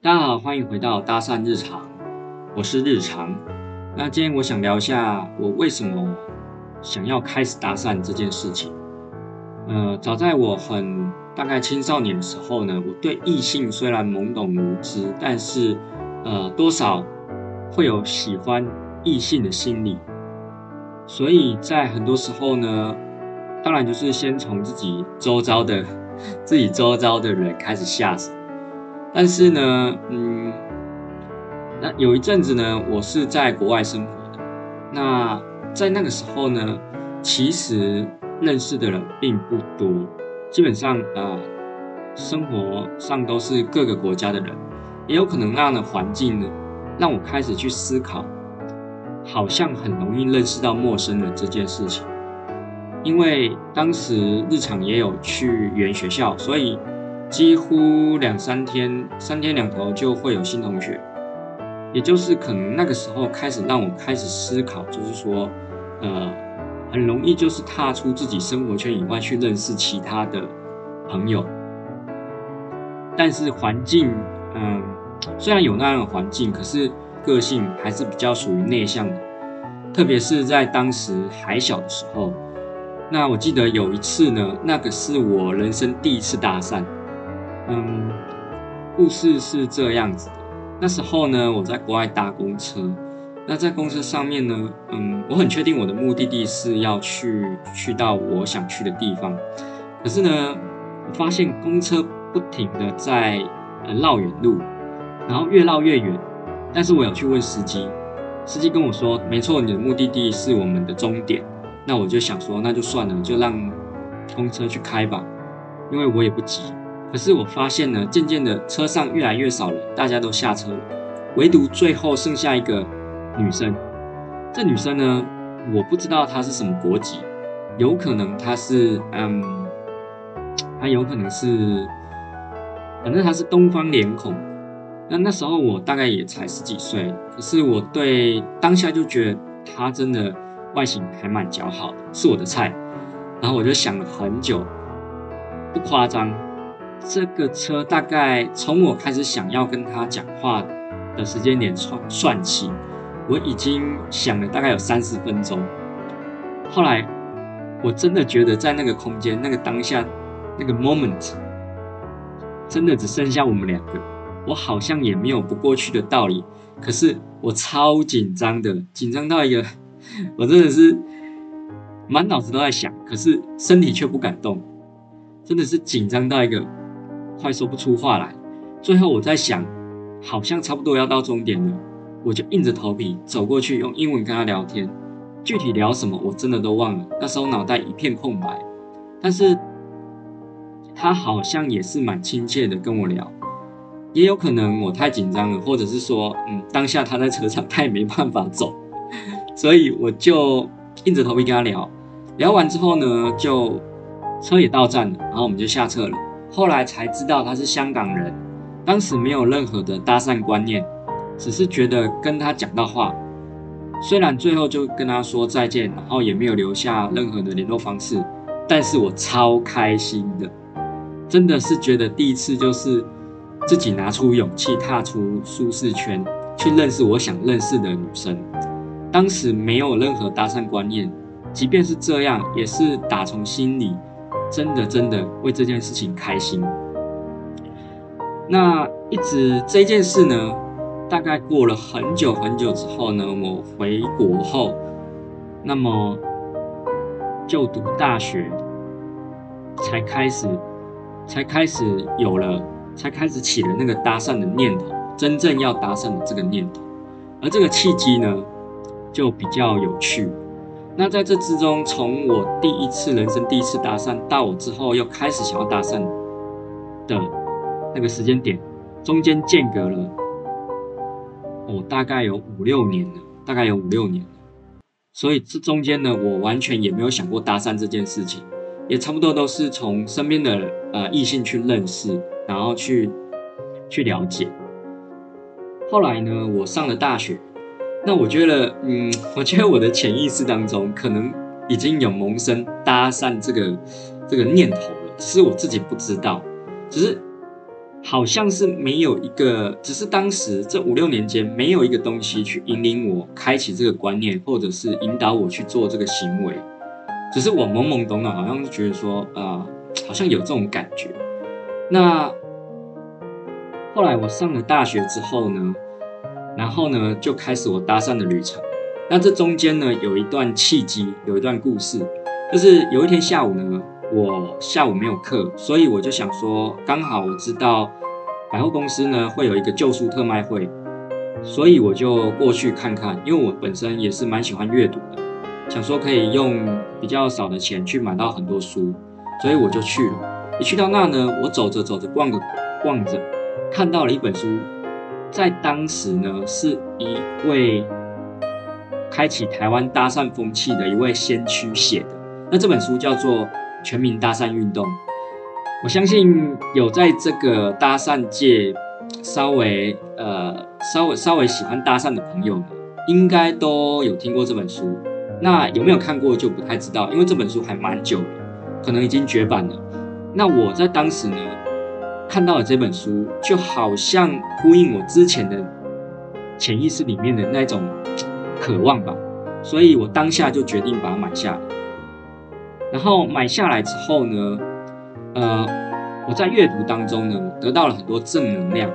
大家好，歡迎回到搭訕日常，我是日常。那今天我想聊一下我為什麼想要開始搭訕這件事情。呃，早在我很大概青少年的時候呢，我對異性雖然懵懂無知，但是呃多少，會有喜歡異性的心理，所以在很多時候呢，當然就是先從自己周遭的、自己周遭的人開始下手。但是呢，嗯，那有一陣子呢，我是在國外生活的。那在那個時候呢，其實認識的人並不多，基本上啊、呃，生活上都是各個國家的人，也有可能那樣的環境呢。讓我開始去思考，好像很容易認識到陌生人這件事情，因為當時日常也有去原學校，所以幾乎兩三天、三天兩頭就會有新同學，也就是可能那個時候開始讓我開始思考，就是說，呃，很容易就是踏出自己生活圈以外去認識其他的朋友，但是環境，嗯。雖然有那樣的環境，可是個性還是比較屬於內向的，特別是在當時還小的時候。那我記得有一次呢，那個是我人生第一次搭訕。嗯，故事是這樣子的：那時候呢，我在國外搭公車，那在公車上面呢，嗯，我很確定我的目的地是要去去到我想去的地方，可是呢，我發現公車不停的在呃繞遠路。然後越繞越遠，但是我有去問司機，司機跟我說，沒錯，你的目的地是我們的終點。那我就想說，那就算了，就讓公車去開吧，因為我也不急。可是我發現呢，漸漸的車上越來越少了，大家都下車了，唯獨最後剩下一個女生。這女生呢，我不知道她是什麼國籍，有可能她是，嗯，她有可能是，反正她是東方臉孔。那那時候我大概也才十幾歲，可是我對當下就覺得他真的外形還蠻姣好的，是我的菜。然後我就想了很久，不誇張，這個車大概從我開始想要跟他講話的時間點算算起，我已經想了大概有三十分鐘。後來我真的覺得，在那個空間、那個當下、那個 moment，真的只剩下我們兩個。我好像也沒有不過去的道理，可是我超緊張的，緊張到一個，我真的是滿腦子都在想，可是身體卻不敢動，真的是緊張到一個快說不出話來。最後我在想，好像差不多要到終點了，我就硬着頭皮走過去，用英文跟他聊天。具體聊什麼我真的都忘了，那時候腦袋一片空白。但是他好像也是蠻親切的跟我聊。也有可能我太緊張了，或者是說，嗯，當下他在車上，他也沒辦法走， 所以我就硬着頭皮跟他聊。聊完之後呢，就車也到站了，然後我們就下車了。後來才知道他是香港人，當時沒有任何的搭訕觀念，只是覺得跟他講到話，雖然最後就跟他說再見，然後也沒有留下任何的聯絡方式，但是我超開心的，真的是覺得第一次就是。自己拿出勇氣，踏出舒適圈，去認識我想認識的女生。當時沒有任何搭訕觀念，即便是這樣，也是打從心裡，真的真的為這件事情開心。那一直這一件事呢，大概過了很久很久之後呢，我回國後，那麼就讀大學，才開始，才開始有了。才開始起了那個搭訕的念頭，真正要搭訕的這個念頭，而這個契機呢，就比較有趣。那在這之中，從我第一次人生第一次搭訕到我之後又開始想要搭訕的，那個時間點，中間間隔了，哦，大概有五六年了，大概有五六年了。所以這中間呢，我完全也沒有想過搭訕這件事情。也差不多都是從身邊的呃異性去認識，然後去去了解。後來呢，我上了大學，那我覺得，嗯，我覺得我的潛意識當中可能已經有萌生搭訕這個這個念頭了，只是我自己不知道，只是好像是沒有一個，只是當時這五六年間沒有一個東西去引領我開啟這個觀念，或者是引導我去做這個行為。只是我懵懵懂懂，好像覺得說啊、呃，好像有這種感覺。那後來我上了大學之後呢，然後呢就開始我搭訕的旅程。那這中間呢有一段契機，有一段故事，就是有一天下午呢，我下午沒有課，所以我就想說，剛好我知道百貨公司呢會有一個舊書特賣會，所以我就過去看看，因為我本身也是蠻喜歡閱讀的。想說可以用比較少的錢去買到很多書，所以我就去了。一去到那呢，我走着走着逛着逛着，看到了一本書，在當時呢是一位開啟台灣搭訕風氣的一位先驅寫的。那這本書叫做《全民搭訕運動》。我相信有在這個搭訕界稍微呃稍微稍微喜歡搭訕的朋友呢應該都有聽過這本書。那有沒有看過就不太知道，因為這本書還蠻久的，可能已經絕版了。那我在當時呢，看到了這本書，就好像呼應我之前的潛意識裡面的那種渴望吧，所以我當下就決定把它買下來。然後買下來之後呢，呃，我在閱讀當中呢，得到了很多正能量。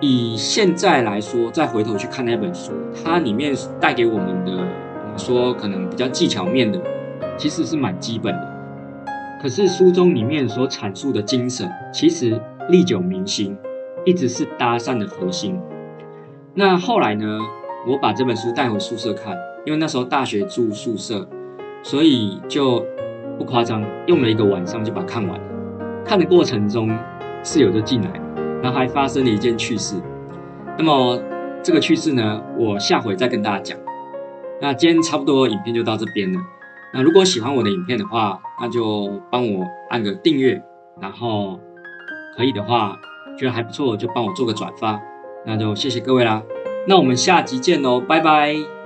以現在來說，再回頭去看那本書，它裡面帶給我們的，說可能比較技巧面的，其實是蠻基本的。可是書中裡面所闡述的精神，其實歷久彌新，一直是搭訕的核心。那後來呢，我把這本書帶回宿舍看，因為那時候大學住宿舍，所以就不誇張，用了一個晚上就把它看完了。看的過程中，室友就進來了，然後還發生了一件趣事。那麼這個趣事呢，我下回再跟大家講。那今天差不多影片就到這邊了。那如果喜歡我的影片的話，那就幫我按個訂閱，然後可以的話，覺得還不錯，就幫我做個轉發。那就謝謝各位啦，那我們下集見囉，拜拜。